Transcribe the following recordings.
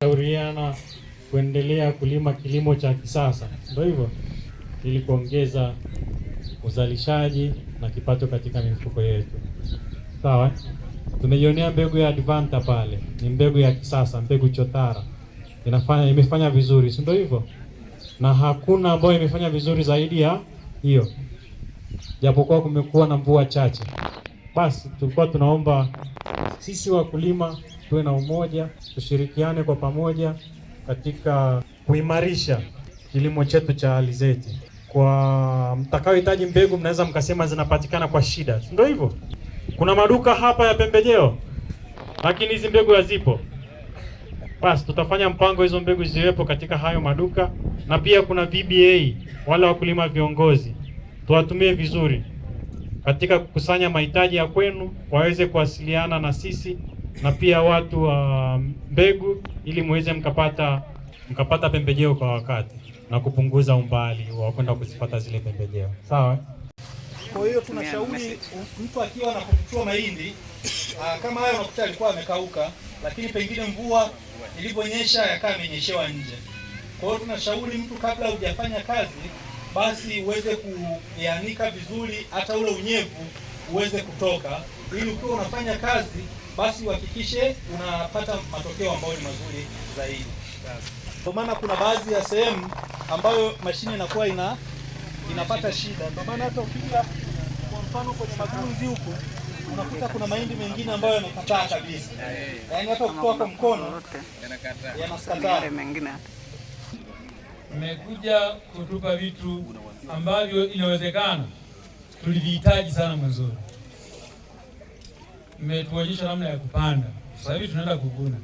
shauriana kuendelea kulima kilimo cha kisasa, ndio hivyo, ili kuongeza uzalishaji na kipato katika mifuko yetu. Sawa, tumejionea mbegu ya Advanta pale, ni mbegu ya kisasa, mbegu chotara inafanya imefanya vizuri, si ndio hivyo? Na hakuna ambayo imefanya vizuri zaidi ya hiyo japokuwa kumekuwa na mvua chache. Basi tulikuwa tunaomba sisi wakulima tuwe na umoja, tushirikiane kwa pamoja katika kuimarisha kilimo chetu cha alizeti. Kwa mtakaohitaji mbegu, mnaweza mkasema zinapatikana kwa shida, ndio hivyo. Kuna maduka hapa ya pembejeo, lakini hizi mbegu hazipo. Basi tutafanya mpango hizo mbegu ziwepo katika hayo maduka, na pia kuna VBA wale wakulima viongozi tuwatumie vizuri katika kukusanya mahitaji ya kwenu, waweze kuwasiliana na sisi na pia watu wa uh, mbegu, ili muweze mkapata mkapata pembejeo kwa wakati na kupunguza umbali wa kwenda kuzipata zile pembejeo. Sawa. Kwa hiyo tunashauri mtu akiwa anapokuchua mahindi ah, kama hayo unakuta alikuwa amekauka, lakini pengine mvua ilivyonyesha yakaa amenyeshewa nje. Kwa hiyo tunashauri mtu kabla hujafanya kazi basi uweze kuyanika vizuri, hata ule unyevu uweze kutoka, ili ukiwa unafanya kazi basi uhakikishe unapata matokeo ambayo ni mazuri zaidi. Kwa maana kuna baadhi ya sehemu ambayo mashine inakuwa ina inapata shida, kwa maana hata ukija kwa mfano kwenye magunzi huko unakuta kuna mahindi mengine ambayo yanakataa kabisa, eh. yaani hata ukitoa kwa mkono yanakataa mmekuja kutupa vitu ambavyo inawezekana tulivihitaji sana mwanzoni. Mmetuonyesha namna ya kupanda, sasa hivi tunaenda kuvuna.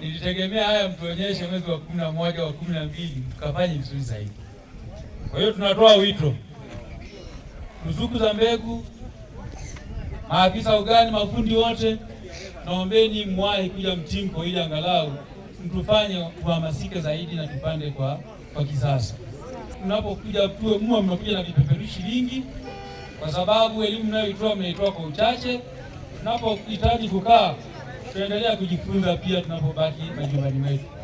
Nilitegemea haya mtuonyeshe mwezi wa kumi na moja wa kumi na mbili tukafanye vizuri zaidi. Kwa hiyo tunatoa wito, ruzuku za mbegu, maafisa ugani, mafundi wote, naombeni mwahi kuja Mtimko ili angalau mtufanye kuhamasika zaidi na tupande kwa, kwa kisasa. Mnapokuja tuwe mua, mnakuja na vipeperushi vingi, kwa sababu elimu mnayoitoa mnaitoa kwa uchache. Tunapohitaji kukaa, tunaendelea kujifunza pia tunapobaki majumbani mwetu.